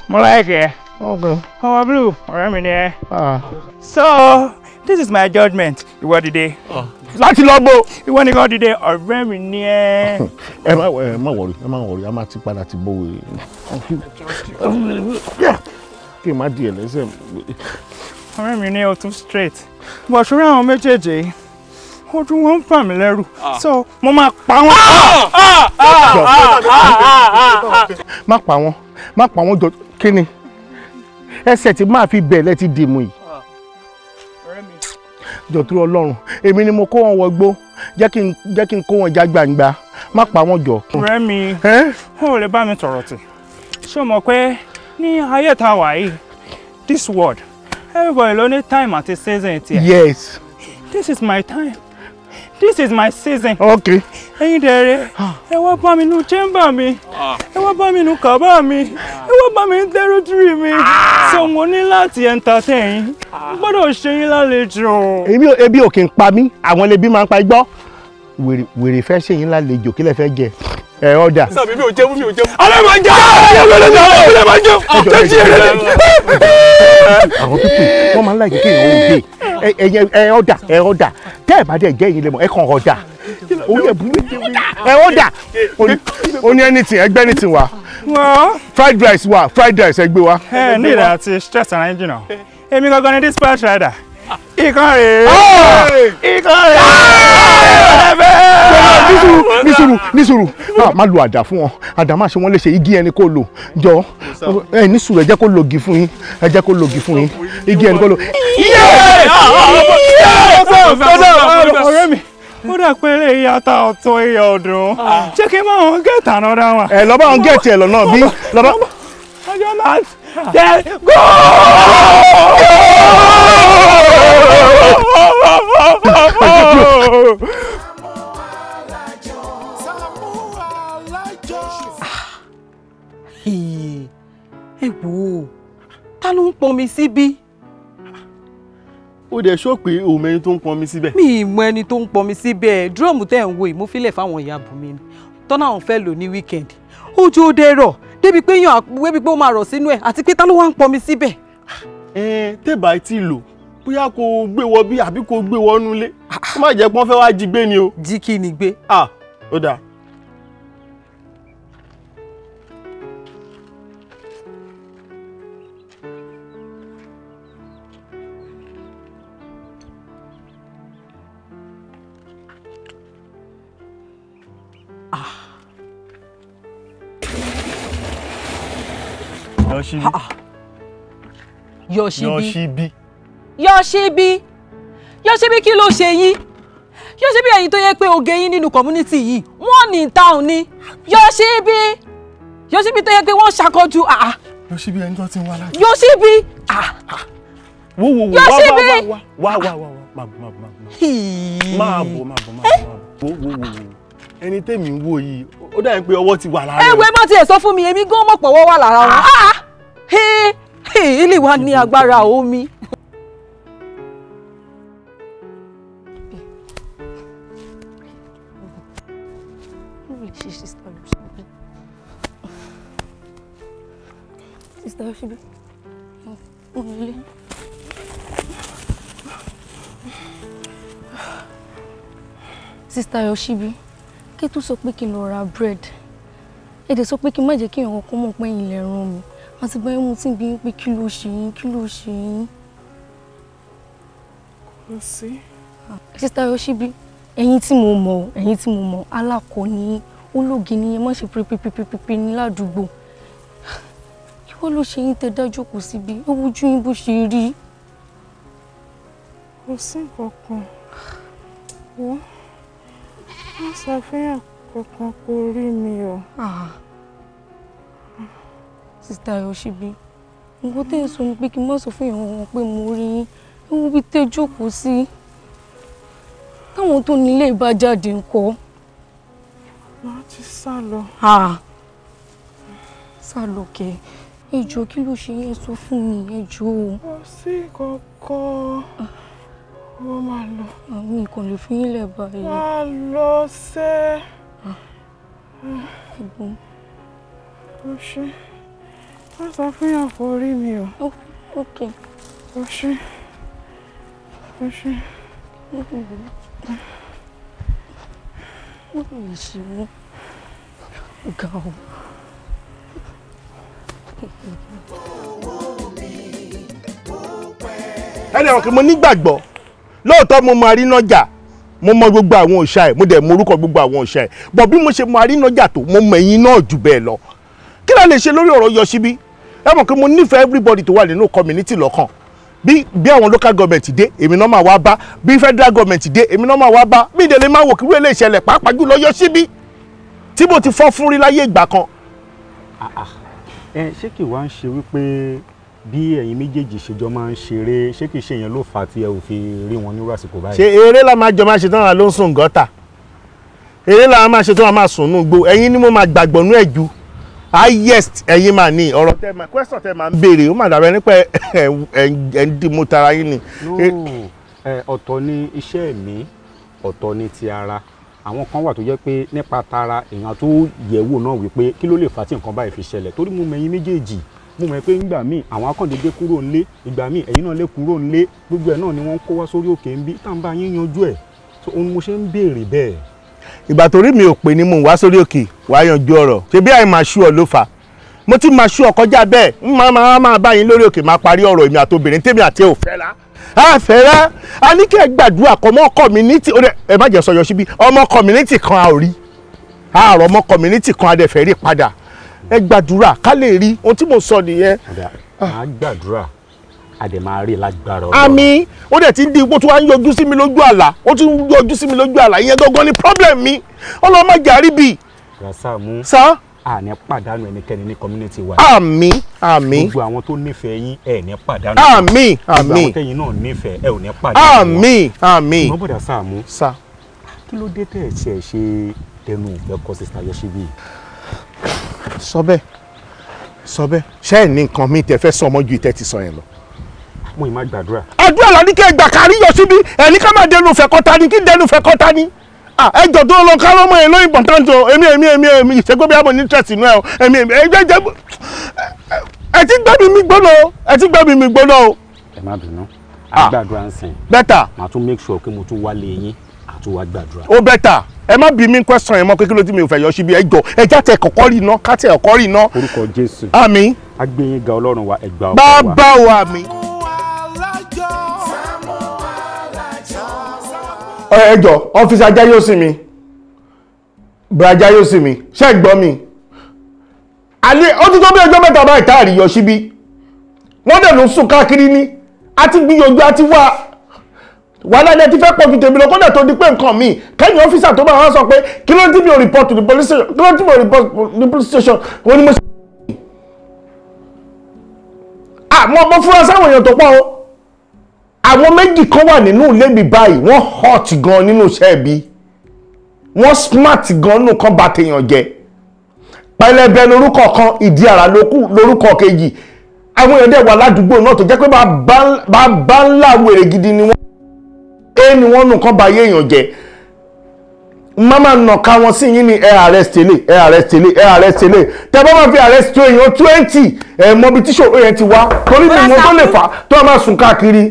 Malaike. Okay. How are blue? Ọ̀rẹ́ mi ni ẹ. So this is my judgment. You want judgement. Ìwọ dìde. Láti lọ gbó. Ìwọ nìkan dìde. Ọ̀rẹ́ mi ni ẹ. Ẹ Eh, ẹ má wọrí ẹ má wọrí a máa ti padà ti bówe. Kí n má di ẹlẹ́sẹ̀. Ọ̀rẹ́ mi ni o tún straight. Bọ̀ ṣúra àwọn méjèèjì ojú wọn ń fà mí lẹ́rù. So mo máa pa Ah! má pa wọn má pa wọn jọ kí ni ẹsẹ̀ tí máa fi bẹ̀lẹ̀ ti dìmú yìí jọ̀tún ọlọ́run èmi ni mo kó wọn wọgbó jẹ́ kí kí n kó wọn já gbangba má pa wọn jọ. Rẹ́mi ó lè bá mi tọ̀rọ̀ tì ṣé o mọ̀ pé ní ayé tá a wà yìí this world everybody ló ní time àti season tiẹ̀. yes. this is my time this is my season. okay. ẹ̀yin dẹ̀rẹ̀ ah. ẹ wá bá mi nu chamber mi ah. ẹ wá bá mi nu kàbá mi ah. ẹ wá bá mi nu territory mi so mo ní láti entertain yín gbọ́dọ̀ ṣe yín lálejò. èmi ò ebi ò kì í pa mí àwọn ẹlẹ́bí máa ń pa igbó wèrè fẹ́ ṣe yín lálejò kí lẹ fẹ́ jẹ ẹ ọjà. sàbí mi ò jẹun mi ò jẹun. alẹ́ máa ń jẹun alẹ́ máa ń jẹun alẹ́ máa ń jẹun jẹ́ jí ẹ̀rẹ́ lẹ́nu. àwọn pípé wọ́n máa ń láì kékeré òun dé ẹ ọ̀dà ẹ ọ̀dà tẹ́ ẹ̀ bá dẹ̀ jẹ́ ìyìnlẹ̀ mọ́ ẹ kàn ọ̀dà orí ẹ̀ burú ẹ ọ̀dà. ó ní anything ẹgbẹ́ anything wa fried rice wa fried rice ẹgbẹ́ wa. ẹ ní ìlà àti stress ara yín jìnnà èmi gangan ni dispatch rider ikan rèé ikan rèé ọlọ́fẹ́. ní sùúrù ní sùúrù lo àdá fún wọn àdá má ṣe wọn léṣe igi ẹni kò lò jọ ẹ ní ẹ jẹ́ kó logi fún yín ẹ jẹ́ kó logi fún yín igi ẹni kò lò. ọ̀rẹ́ mi ó dà pé ilé ìyàtà ọ̀tọ̀ ìyà ọ̀dùn ṣé kí n máa wọn gẹ̀ẹ́tì àná dá wọn. ẹ lọ́ba wọn gẹ̀ẹ́tì ẹ̀ lọ́nà bí lọ́ba. ọjọ́ náà jẹ́ góòlù. Ah. ẹ wò ó ta ló ń pọnmi síbí. ó dẹ̀ sọ pé òun mẹ́ni tó ń pọnmi síbẹ̀. mi ì mọ ẹni tó ń pọnmi síbẹ̀ dúrọ́ọ̀mù tẹ̀ ń wo ìmúfilẹ̀ fáwọn ìyá bùnmi ni tọ́nà àwọn fẹ́ lò ní weekend ojú ó dẹ̀ rọ̀ débi pé yan àpò wébi pé ó máa rọ̀ sínú ẹ̀ àti pé ta ló wá ń pọnmi síbẹ̀. ẹ tẹ́bà ti lò bóyá kò gbé wọ bí àbí kò gbé wọ nulẹ̀ kó má jẹ́ pé wọ́n fẹ́ wá jí gbé ni o. jí kí ni gbé. ah ó dáa. Yoshibi. Yoshibi. Yoshibi. Yọ̀ṣebí Yọ̀ṣebí kí ló ṣe yín Yọ̀ṣebí ẹ̀yin tó yẹ pé oge yín nínú community yìí wọ́n ní town ni Yọ̀ṣebí Yọ̀ṣebí tó yẹ pé wọ́n ṣàkọjú àá. Ah, ah. Yọ̀ṣebí ẹni tó ti ń wá láti. Yọ̀ṣebí àá. wo wo wo wá wá wá wá wá wá máa bọ̀ máa bọ̀ Ma bo ma bo ma bo. wo wo wo ẹni tẹ́mi ń wò yìí ó dà pé ọwọ́ ti wà lára rẹ̀. ẹ̀wẹ̀ mọ́ tiẹ̀ sọ fún mi èmi gan mọ̀ pọ̀wọ́ wà lára wọn. Ah! ilé wa ní agbára omi. Dayọ̀ síbi kí tó sọ pé kí n lọ ra bread èdè sọ pé kí n má jẹ́ kí èèyàn kan mọ̀ pé ilẹ̀ ràn mí àti bẹ́ẹ̀ mo ti bí pé kí ló ṣe yín kí ló ṣe yín. kò sí. sísá Yoshibi ẹ̀yin tí mo mọ̀ ẹ̀yin tí mo mọ̀ alákọ ni ológi ni ẹ má ṣe pípípípípí ní ládùúgbò kí wọ́n ló ṣe yín tẹ dájú kò síbi ó wojú yín bó ṣe rí. kò sí nǹkan kan wọ́n má sọ fẹ́yàn kankan kó rí mi o. Ah. sista Yoshibi nǹkan tẹ́ ẹ sọ ni pé kí n má sọ fún ìyàwó wọn pé mo rí yín ewu bíi tẹ́ jókòó sí táwọn tó nílé bá jáde ńkọ́. wọ́n ti sá lọ. Ah. sá lọ kẹ́ ẹ kí ló ṣe yẹn sọ fún mi ẹ kò sí kankan. Ah wọ́n máa lọ. àwọn nǹkan lè fún yín lẹ̀ báyìí. máa lọ sẹ́. ẹ̀gbọ́n. o ṣe wọ́n ah. sọ fún yàn kó rí mi o. ok. o ṣe o ṣe. wọ́n lè ṣe wọ́n ga o. ẹnì àwọn kì í mọ nígbàgbọ́ lóòótọ́ mo mọ àrínájà mo mọ gbogbo àwọn òòṣà ẹ̀ mo dẹ̀ mọ orúkọ gbogbo àwọn òòṣà ẹ̀ bọ̀ bí mo ṣe mọ àrínájà tó mo mọ ẹ̀yin náà jù bẹ́ẹ̀ lọ kí la lè ṣe lórí ọ̀rọ̀ yọ síbí ẹ mọ̀ pé mo nífẹ̀ẹ́ everybody tó wà nínú community lọ́kàn bí bí àwọn local government dé èmi náà máa wá bá bí federal government dé èmi náà máa wá bá bí ìdẹ̀lẹ̀ máa wò kí wọ́n lè ṣẹlẹ̀ pàápàá jùlọ yọ síbí tí mo ti fọ́ fún rí láyé ìgbà kan. Ah, ah. ṣé kì wá ń ṣe wípé bí ẹ̀yin méjèèjì ṣèjọ máa ń ṣeré ṣé kìí ṣe èèyàn ló fà á tí ẹ ò fi rí wọn nírú àsìkò báyìí. ṣe eré la máa jọ máa ṣe tán àwọn ló ń sùn gọ́tà eré la máa ṣe tán àwọn máa sùn nù gbó ẹ̀yin ni mo máa gbàgbọ́ nú ẹ̀ ju highest ẹ̀yin máa ní ọ̀rọ̀ tẹ máa question tẹ máa ń béèrè ó máa dàbẹ̀ nípa ẹ̀ ń dì mú tara yín ni. ọ̀tọ̀ ni iṣẹ́ mi ọ̀tọ̀ ni ti ara àwọn kan wà tó jẹ́ pé nípa tara èèyàn tó yẹ̀wò náà wípé kí ló lè fà á tí nǹkan báyìí fi ṣẹlẹ̀ torí mo mẹ̀yìn méjèèjì mo mọ̀ pé ńgbà míì àwọn akọ́ndédé kúrò ńlé ìgbà míì ẹ̀yin náà lè kúrò ńlé gbogbo ẹ̀ náà ni wọ́n kó wá sórí òkè ńbí tá n bá yín yanjú ẹ̀ tó ohun mo ṣe ń béèrè bẹ́ẹ̀. ìgbà torí mi ò pè ní mò ń wá sórí òkè wá yanjú ọ̀rọ̀ ṣe bí àìmọ̀ aṣú ọ ló fà á mo ti máa ṣú ọ kọjá bẹ́ẹ̀ ń máa máa máa bá yín lórí òkè máa parí ọ̀rọ̀ èmi àtobìnrin tèmi àti òfẹ́ la àfẹ́rẹ́ a ní kí ẹ gbàdúrà kọ́ mọ́ community ẹ má jẹ́ sọ yọ síbi ọmọ community kan a ò rí àárọ̀ ọmọ community kan a dẹ̀ rí padà ẹ gbàdúrà ká lè rí ohun tí mo sọ nìyẹn. màá gbàdúrà a dẹ̀ máa rí lágbára ọlọ́run. àmín ó dẹ̀ ti ń di ipò tí wàá ń yọjú sí mi lójú àlá ó ti ń yọjú sí mi lójú àlá ìyẹn gangan ni problem mi ọlọ́run má jàrí bì. rasamu sa. àní pàdánù ẹnikẹ́ni ní community wa. àmín àmín. gbogbo àwọn tó nífẹ̀ẹ́ yín ẹ̀ ní pàdánù. àmín àmín. gbogbo àwọn tẹ̀yìn náà nífẹ̀ẹ́ ẹ̀ ò ní pàdánù. àmín àmín. ìmọ̀ bọ̀dà Sàámú. sa. kí ló dé tẹ̀ ẹ̀ ṣe tẹnu ìfẹ́ kọ sísá yọ síbí sọ bẹ́ẹ̀ sọ bẹ́ẹ̀ ṣé ẹ̀ ní nǹkan mi tẹ́ fẹ́ sọ ọmọ ju ìtẹ́ ti sọ yẹn lọ. mo ì má gbàdúrà. àdúrà la ní kí ẹ gbà kárí yọ síbi ẹni ká máa dẹnu fẹ́ kọ́ta ni kí dẹnu fẹ́ kọ́ta ni. ẹ jọ̀dún lọ ká lọ́mọ yẹn lóyún pọ̀ntán tó èmi èmi èmi èmi ìṣègbè àmọ̀ ní tẹ̀sí inú ẹ̀ o èmi èmi ẹ jẹ́ ẹ ti gbẹ́bí mi gbóná o ẹ ti gbẹ́bí mi gbóná o. ẹ má bínú a gbàdúrà ń sìn. bẹ́tà. màá tún make sure pé mo tún wálé yín àtúwá gbàdúrà. ó bẹ́tà ẹ má bí mi question ẹ mọ pé kí mi ò fẹ́ yọ síbi ẹ jọ ẹ jáde ẹ̀kọ́kọ́ rí iná kátẹ ẹ̀kọ́ rí iná. orúkọ jésù àmín. agbẹ́yìn ọlọ́run wa ẹgbàá ọkọ wa. bàbá wa mi. ẹ jọ ọ́fíìsì ajá yóò sìn mi bùrájà yóò sìn mi ṣé ẹ gbọ́ mi. àlẹ́ ó ti tó bí ọjọ́ mẹ́ta báyìí tá a rí yọ síbi wọ́n dẹ̀ ló sùn káàkiri ni a ti gbìyànjú a ti wá wàhálà ni ẹ ti fẹ́ pọ̀ ju tèmi lọ kódà tó di pé nǹkan mi kẹ́yìn ọ́fíìsà tó bá wá sọ pé kí ló ń tí mi report to the police station kí ló ń tí mi report to the police station wọ́n ni mo ṣe. àmọ́ mo fura sáwọn èèyàn tó pọ̀ o àwọn méjì kan wà nínú ilé mi báyìí wọ́n hot gan nínú iṣẹ́ ibi wọ́n smart gan nínú kan bá tèèyàn jẹ pẹlẹbẹ lórúkọ kan ìdí àrà lórúkọ kejì àwọn èèyàn dẹ̀ wà ládùúgbò náà tó jẹ́ pé bá bá ńlá wèrè gidi ni wọ́n é ni wọ́n nù kán ba ayé èèyàn jẹ́ mama nàka wọn sí yín ni ẹ arrest tẹ́lẹ̀ ẹ arrest tẹ́lẹ̀ ẹ arrest tẹ́lẹ̀ tẹ bá máa fi arrest tó èèyàn twenty ẹ mọbi tíṣọ yẹn ti wá torí mi mo tó lè fà tó máa sùn káàkiri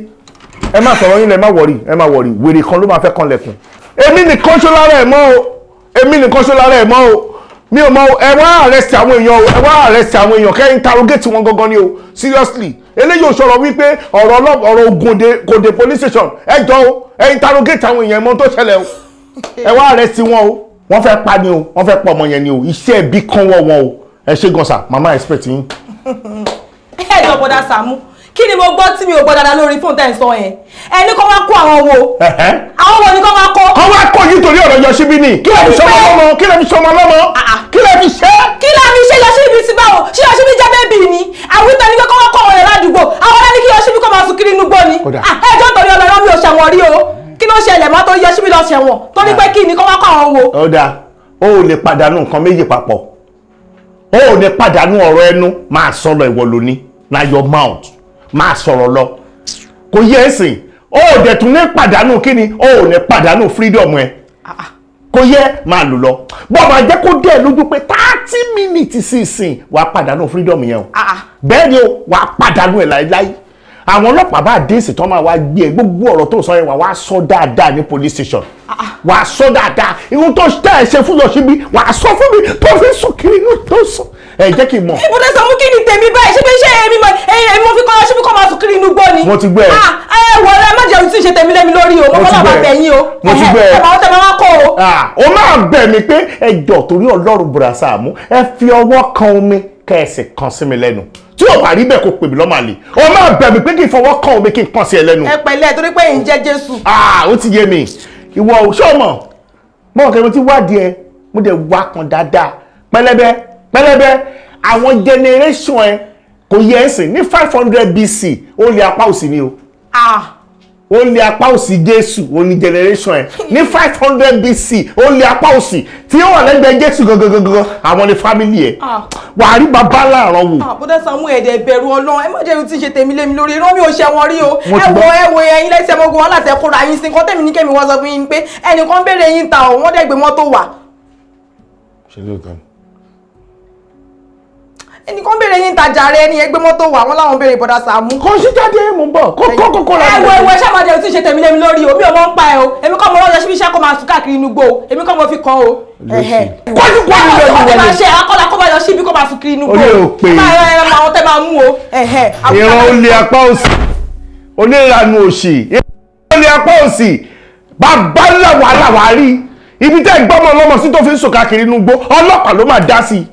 ẹ má sọ̀rọ̀ yín lẹ má wọ̀rì ẹ má wọ̀rì wèrè kan ló máa fẹ́ kan lẹ̀kùn èmi nìkan ṣó lára ẹ̀ mọ́ o èmi nìkan ṣó lára ẹ̀ mọ́ o mi ò mọ ẹ wá arrest àwọn èèyàn o ẹ wá arrest àwọn èèyàn kẹ́ interrogate wọn gangan ni o seriously eléyìí ò sọ̀rọ̀ wípé ọ̀rọ̀ ọ̀rọ̀ ògùndè kòdè police station ẹ jọ o ẹ interrogate àwọn èèyàn mọ tó ṣẹlẹ̀ o ẹ wá arrest wọn o wọ́n fẹ́ pa ni o wọ́n fẹ́ pa ọmọ yẹn ni o iṣẹ́ ẹbí kan wọ̀ wọn o ẹ ṣe gan sa mama expect yín. ẹ jọ bọ́dá Sàámú kí ni mo gbọ́ tí mi ò gbọ́ dáadáa lórí fóònù tẹ̀ ń sọ yẹn ẹni kọ́ wá kó àwọn wo àwọn wo ni kọ́ wá kó. kọ́ wá kó nítorí ọ̀rọ̀ Yosibi ni kí lẹ́mi sọmọ lọ́mọ kí lẹ́mi sọmọ lọ́mọ kí lẹ́mi ṣe. kí lẹ́mi ṣe Yosibi ti báwo ṣé Yosibi jẹ́ bẹ́ẹ̀bì ni àwọn ìtàn ni kọ́ wá kó àwọn yẹn ládùúgbò àwọn ọ̀rẹ́ ni kí Yosibi kọ́ máa sùn kiri inú gbó ni ah, ẹjọ́ torí ọlọ́run mi ò ṣẹ̀wọ̀n o kí ló ṣẹlẹ̀ mọ́ torí Yosibi lọ ṣẹ̀wọ̀n tó ní pé ah. kí ni kọ́ wá kó àwọn wo. ó dáa ó lè pàdánù nǹkan méjì papọ̀ na your mouth máa sọ̀rọ̀ lọ kò yẹ ẹ́ sìn o ò dẹ̀ tún ní pàdánù kíni o ní pàdánù freedom ẹ ah, ah. kò yẹ máa lò lọ bọ́ máa jẹ́ kó dẹ̀ lójú pé thirty minutes sí ìsìn wàá pàdánù freedom yẹn o ah, bẹ́ẹ̀ ni o wàá pàdánù ẹ̀ láéláé àwọn ọlọ́pàá bá dé ìsìn tán máa wá gbé ẹ gbogbo ọ̀rọ̀ tó sọ yẹn wà wá sọ dáadáa ní police station wà á sọ dáadáa irun tó tẹ̀ ẹ̀ ṣe fún lọ síbi wà á sọ fún mi tó fi sùn kiri inú tó sùn ẹ jẹ́ kí n mọ̀. ibùdó sọ mú kí ni tèmi báyìí ṣé pé ṣé èmi mọ èmi mo fi kọ́ ṣé fi kọ́ máa sùn kiri inú gbọ́ ni. mo ti gbẹ. Ah, ẹ wọ ẹ má jẹun tí ì ṣe tèmi lẹ́mi lórí o mo fọ́ máa bẹ̀ yín o. mo ti gbẹ. ẹ máa tẹ máa kọ́ o. Ah, o máa bẹ̀ mí pé ẹjọ́ torí ọlọ́run bùrọ̀sà mú ẹ fi ọwọ́ kan omi kẹ̀sì kan sí mi lẹ́nu tí o bá rí bẹ́ẹ̀ kó pè mí lọ́mọ àlè o máa bẹ̀ mí pé kí n fọwọ́ kan omi kí n kàn sí ẹ lẹ́nu. ẹ pẹ̀lẹ́ torí pé ń jẹ́ Jésù. Ah, ó ti yé mi ìwọ ò ṣọ́ọ̀mọ̀ mọ̀ kẹ́mi ti wádìí ẹ mo dẹ̀ wá kan dáadáa pẹlẹbẹ pẹlẹbẹ àwọn generation ẹ kò yẹ ẹ sìn ní five hundred BC ó lé apá òsì ni o ah. ó lé apá òsì Jésù ó ní generation ẹ ní five hundred BC ó lé apá òsì tí ó wà lẹ́gbẹ̀ẹ́ Jésù gangan àwọn ni family ẹ ah. wà á rí bàbá láàárọ̀ wò. àbúdá ah, Sàámú ẹ̀dẹ̀ bẹ̀rù Ọlọ́run ẹ má jẹ́ irú tí ń ṣe tèmi lémi lórí irọ́ mi ò ṣe wọn rí o ẹ wo ẹ wo ẹyin lẹ́sẹ̀ mọ́gun wọn láti ẹ̀kọ́ ra yín sí nǹkan tẹ̀mí ní kẹ́mi wọ́n sọ fún yín pé ẹnìkan béèrè yín ta ọ̀ wọ́n dẹ̀ gbé mọ́tò wà. ṣe lóòótọ́ ni ẹnìkan béèrè yín ìtajà rẹ ẹni ẹgbẹ́ mọ́tò wà wọ́n láwọn béèrè bọ́dà Sàámú. kò sí jáde mò ń bọ̀ kó kó kó kó ra. ẹ wo ẹ wo ẹ ṣàmàjẹ o ti ṣe tèmi lẹ́mi lórí o mi ò mọ̀ ń pa ẹ o èmi kọ́ mo rọ́ọ̀yọ́ síbi iṣẹ́ kó máa sùn káàkiri inú gbó o èmi kọ́ mo fi kàn o. kọ́lù kọ́lù lọ ni wọlé. ṣe akọ́lá kó máa yọ síbi kó máa sùn kiri inú gbó o. olè ò é. ìran olè apá òsì oníranu òsì ìran olè apá òsì bàbá ńlá wàhálà wàá rí ibi tẹ́ gbọ́mọ ọlọ́mọ sí tó fi ń sùn káàkiri inú gbó ọlọ́pàá ló máa dá sí i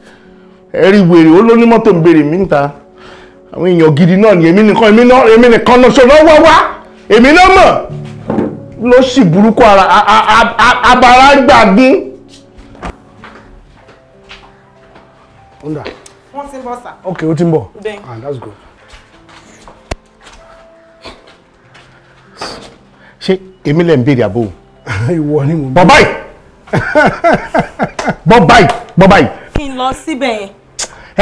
ẹ̀rí wèrè ó lóní mọ́tò ń béèrè mí níta àwọn èèyàn gidi náà ni èmi nìkan èmi náà èmi nìkan náà ṣòro wá wá èmi náà mọ̀ ló sì burúkú ara abara gbàgún. wọ́n ti ń bọ̀ sà. ok ó ti ń bọ̀ ah that's good. ṣé èmi lè ń béèrè àbò. ìwọ ni mo. bọ̀ báyìí bọ̀ báyìí bọ̀ báyìí. kí n lọ síbẹ̀ yẹn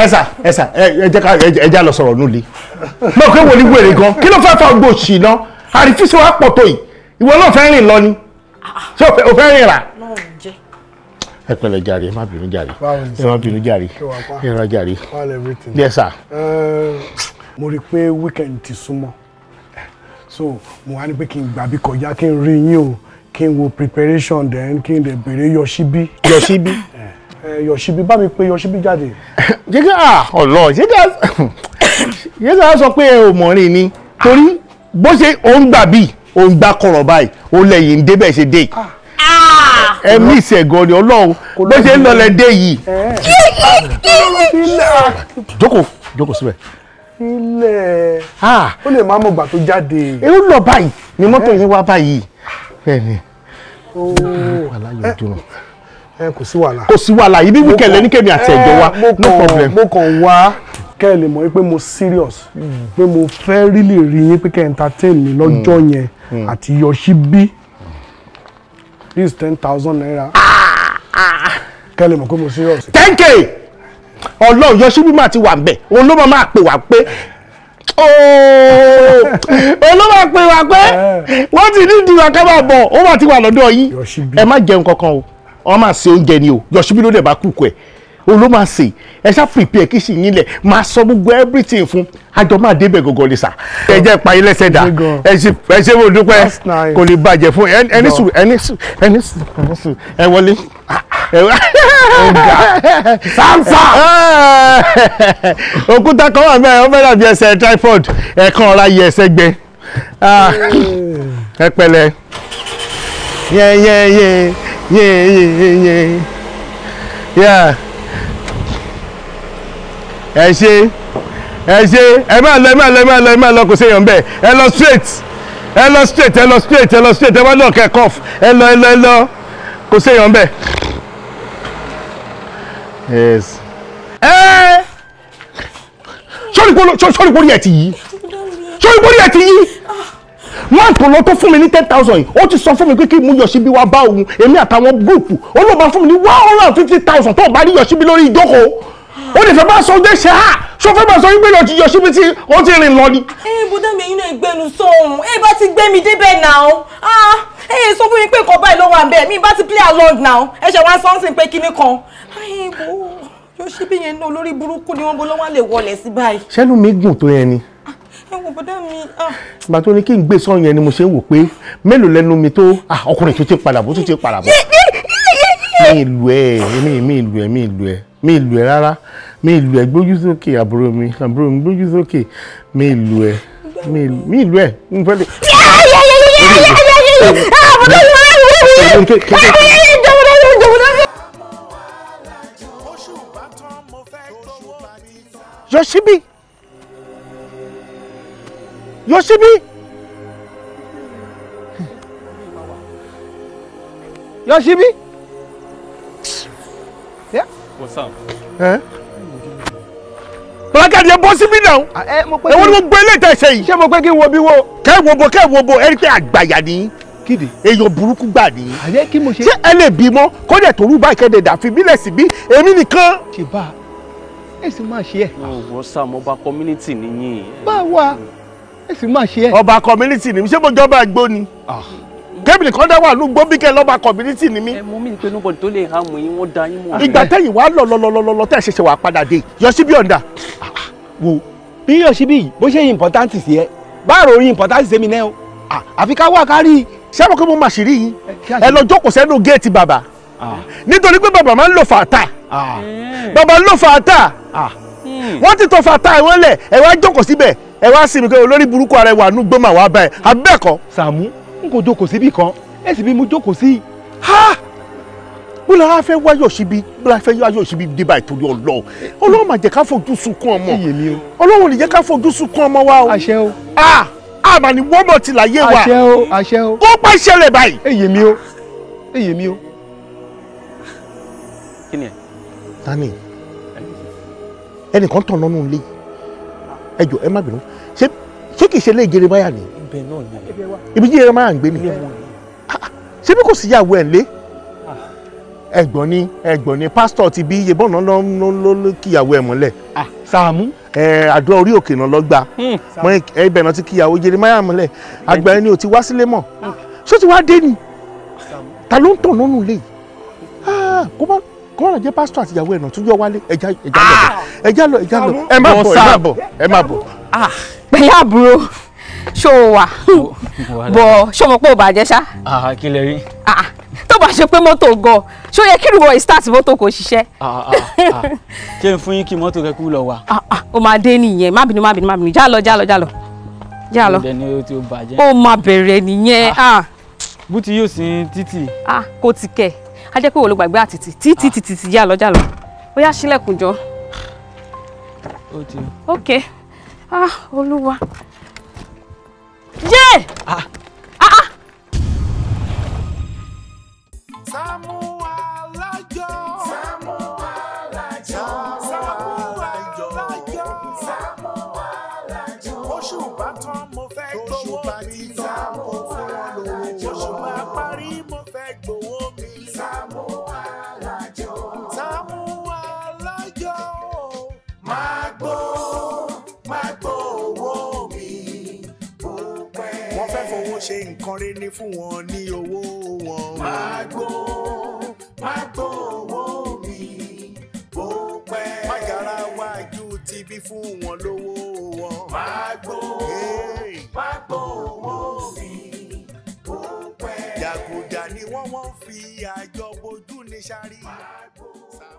ẹsà ẹsà ẹ jẹ ká ẹ jẹ lọ sọ̀rọ̀ nulẹ mọ pé wòlíì wèrè gan kí ló fẹ́ fa gbò sí náà àrífísọ wa pọ̀ tó yìí ìwọ náà fẹ́ rìn lọ ni ṣé o fẹ́ rìn rà. ẹ pẹ̀lẹ́ jàre ẹ má bínú jàre ẹ má bínú jàre ẹ má jàre yes sir. mo rí i pé weekend ti súnmọ́ so mo wá ní pé kí n gbàbí kọjá kí n rí yín o kí n wo preparation then kí n dẹ̀ bèrè yọ̀ṣíbí. yọ̀ṣíbí. Eh, yọ̀ṣibí bá mi pe yọ̀ṣibí jáde. jẹ́gà ọ̀lọ́ jẹ́gà jẹ́gà sọ pé ẹ ò mọ̀rin ni torí bó ṣe òun gbà bíi òun gbà kọ̀rọ̀ báyìí ó lẹ́yìn ń débẹ̀ ṣe dé ah. ẹ mí ìṣẹ̀gàn ni ọlọ́run bó ṣe ń lọlẹ̀ dé yìí. Eh. jókòó jókòó síbẹ̀. ilẹ̀ ah. ó lè máa mọ̀ gbà tó jáde. ẹ ó lọ báyìí ni mọ́tò eh. yẹn wá báyìí bẹ́ẹ̀ ni. aláyọ̀ oh. dùn. Eh, kò sí wàhálà kò sí wàhálà ibi wíkẹ̀ lẹ́ni kẹ́mi àti ẹ̀jọ̀ wa eh, no problem. mo kàn wá kẹ́ ẹ lè mọ̀ pé mo serious hmm. pé mo fẹ́ really rí yín pé kẹ́ entertain mi lọ́jọ́ hmm. yẹn hmm. àti yọ̀ọ́sí bí is ten thousand naira ah, ah. kẹ́ ẹ lè mọ̀ pé mo serious. ten k ọlọ́run yọ̀ọ́sí bí mà ti wà ń òun ló máa pè wá pé olówó pè wá pé wọ́n ti ní ìdúrà ká ó wà ti wà lọ́dọ̀ yìí ẹ má jẹun kankan o wọ́n máa ṣe oúnjẹ ni o yọ̀ṣíbí ló dẹ̀ bá kúkú ẹ̀ o ló máa ṣe ẹ ṣá prepare kí sì yín lẹ̀ máa sọ gbogbo everything fún àjọ máa débẹ̀ gọ́gọ́ ni sà. ẹ jẹ́ ìpayín lẹ́sẹ̀ dá ẹ ṣe mo dúpẹ́ kò lè bàjẹ́ fún ẹni sùn ẹni sùn ẹni sùn ẹ wọlé. Samsa. òkúta kan wà mẹ́rin ọmọ ẹ̀dàbí ẹsẹ̀ tripod ẹ̀kan ọ̀la yẹ ẹsẹ̀ gbẹ ah. ẹ pẹ̀lẹ́ yẹ́yẹ́yẹ́. Yeah, yeah, yeah. Yeah. Ẹ ṣe ẹ ṣe ẹ máa lọ ẹ máa lọ ẹ máa lọ ẹ máa lọ kò séèyàn bẹ́ẹ̀ ẹ lọ straight ẹ lọ straight ẹ lọ straight ẹ lọ straight ẹ wá lọ kẹ́kọ̀ọ́ ẹ lọ ẹ lọ ẹ lọ kò séèyàn bẹ́ẹ̀. Yes. Ẹ sọ́ọ́rì pọ́lọ́ sọ́ọ́rì pọ́lọ́ yẹ̀ ti yí sọ́ọ́rì pọ́lọ́ yẹ̀ ti yí man tó lọ tó fún mi ní ten thousand yìí ó ti sọ fún mi pé kí mu yọ̀ṣíbí wa bá òun èmi àtàwọn gúrùpù ó ló máa fún mi ní one hundred and fifty thousand tó bá rí yọ̀ṣíbí lórí ìjókòó ó lè fẹ́ bá sọ dé ṣe á sọ fẹ́ bá sọ wípé lọ́ọ́ ti yọ̀ṣíbí tí wọ́n ti rìn lọ ni. ẹ ẹ bùdá mi ẹyin náà gbẹnu sọhùn ẹ bá ti gbé mi débẹ̀ náà ah ẹ ẹ sọ fún mi pé nǹkan báyìí ló wà bẹ́ẹ̀ mi bá ti play along now ẹ ṣe wá something pé kinní kan. ẹ ẹ bò ó yọ̀ṣíbí yẹn náà olórí burúkú ni wọ́n bó lọ́wọ́ lè wọlé sí báyìí. sẹ́nu mi gùn tó yẹn ni ẹ̀wọ̀n bọ́dá mi. ìgbà tó ní kí n gbé sọ́run yẹn ni mo ṣe ń wò pé mélòó lẹ́nu mi tó ọkùnrin tó ti padà bọ̀ tó ti padà bọ̀. mi ìlú ẹ mi ìlú ẹ mi ìlú ẹ mi ìlú ẹ rárá mi ìlú ẹ gbójú sókè àbúrò mi àbúrò mi gbójú sókè mi ìlú ẹ mi ìlú ẹ n fẹ́ lè. àbúrò mi wọ́n rẹ̀ wọ́n Yoshibi. Yoshibi Yoshibi. Yeah. What's up? Eh? Bọ́lákàdé bọ́ síbí náà. Ah, eh, ẹ mo pé kí. Èwo ni mo gbé ilé ìtẹ̀sẹ̀ yìí? Ṣé mo pé kí n wo bí wo? Kẹ́ wo bo kẹ́ wo bo ẹni pé àgbàyà ni. Kéde. Èèyàn burúkú gbà ni. Àyẹ́ ah, kí mo ṣe. Ṣé ẹ lè bímọ? Kódà tó rúbà ìkéde dàfin bílẹ̀ sí bí èmi nìkan. Ṣé bá a? Ẹ sì máa ṣe ẹ̀. Ọ̀wọ́ sá mo bá community nìyí. Báwa. Mm èsì máa ṣe ẹ. ọba community ni mi ṣé mo jọba ẹgbó ni ah. kébìlì kan dá wà ló gbó bí community ni mi. ẹ mú mi pé nobody tó lè ha mú yín wọ́n da yín mọ́. ìgbà tẹ́yìn wá lọ lọ́lọ́lọ́lọ́ tẹ́ ẹ ṣẹ̀ṣẹ̀ wà padà dé Yosibi Ounda. wo bí Yosibi yìí bó ṣe important sí ẹ báàrò orin important sí mi náà o ah, àfi ká wà kárí. ṣé mo kí mo máa ṣìírí yín ẹ lọ jókòó sẹ́nu géètì bàbá ah. nítorí pé bàbá máa ń lò fàtà bàbá ń lò fàtà wọ́n ti tọ́ fàtà wọn lẹ̀ ẹ wá jókòó síbẹ̀ ẹ wá sí mi pé olórí burúkú ara ẹ wà nú gbọ́mà wá báyìí abẹ́ẹ̀kọ́. Sàámú n kò jókòó síbì kan ẹ sì bí mo jókòó sí i. ha bó la fẹ́ wáyọ̀ síbi bó la fẹ́ wáyọ̀ síbi dé báyìí torí ọlọ́ọ̀ ọlọ́ọ̀ mà jẹ́ ká fojú sunkún ọmọ ọlọ́ọ̀ ò ní jẹ́ ká fojú sunkún ọmọ wa o. àṣẹ o. a àmà ni wọ́n mọ̀ ti láyé wa àṣẹ o àṣẹ o. kó bá ṣẹlẹ̀ báyìí. èyí mi o èyí mi o. kí ni ẹ. tani ẹnìkan tọ̀nà nù lé ẹjọ ẹ má bínú ṣé kìí ṣe ilé Jeremiah ni ibi Jeremiah ń gbé ni ah, ah. ṣé bí kò sí ìyàwó ẹ̀ lé ah. ẹ̀gbọ́n ni ẹ̀gbọ́n ni pásítọ̀ ti bí iye bọ́ọ̀nà ló kíyàwó ẹ̀ mọ́lẹ̀ Sàámú àdúrà orí òkè náà lọ gbà hmm, mọ ibẹ̀ náà ti kíyàwó Jeremiah mọ́lẹ̀ àgbà ẹni ò ti wá sílé mọ́ ṣó ti wá dé ni ta ló ń tàn nínú ilé yìí kó má kó má jẹ́ pásítọ̀ àti ìyàwó ẹ̀ náà tún yọ wálé ẹja lọ ẹja lọ ẹ má bọ̀ ẹ má bọ̀ ẹ má bọ̀ pẹ̀lú àbúrò ṣó o wà bọ̀ ṣó mo pé o bàjẹ́ ṣá. Ah, kí lè rí. Ah, ah. tó bá ṣe pé mọ́tò gan ṣó yẹ kí ìrùwọ̀ start mọ́tò kò ṣiṣẹ́. ṣé n fún yín kí mọ́tò kẹ́kú lọ wà. o máa dé nìyẹn má bínú má bínú má bínú já lọ já lọ já lọ já lọ o máa bẹ̀rẹ̀ nìyẹn. bùtì yóò sin títì. kò ti kẹ̀ á jẹ́ pé wo ló gbàgbé àtìtì títì títì já lọ já lọ ó yá sílẹ̀kùn jọ. ok. okay ah olúwa yé ah ah. ah. Sáàmù sáré fún wọn ní owó wọn. Magbo, magbo owó mi, bó pẹ́. Má yàrá wájú ti bí fún wọn lówó wọn. Magbo, magbo owó mi, bó pẹ́. Jàgùdà ni wọ́n wọ́n fi àjọ bojú ní sáré. Magbo.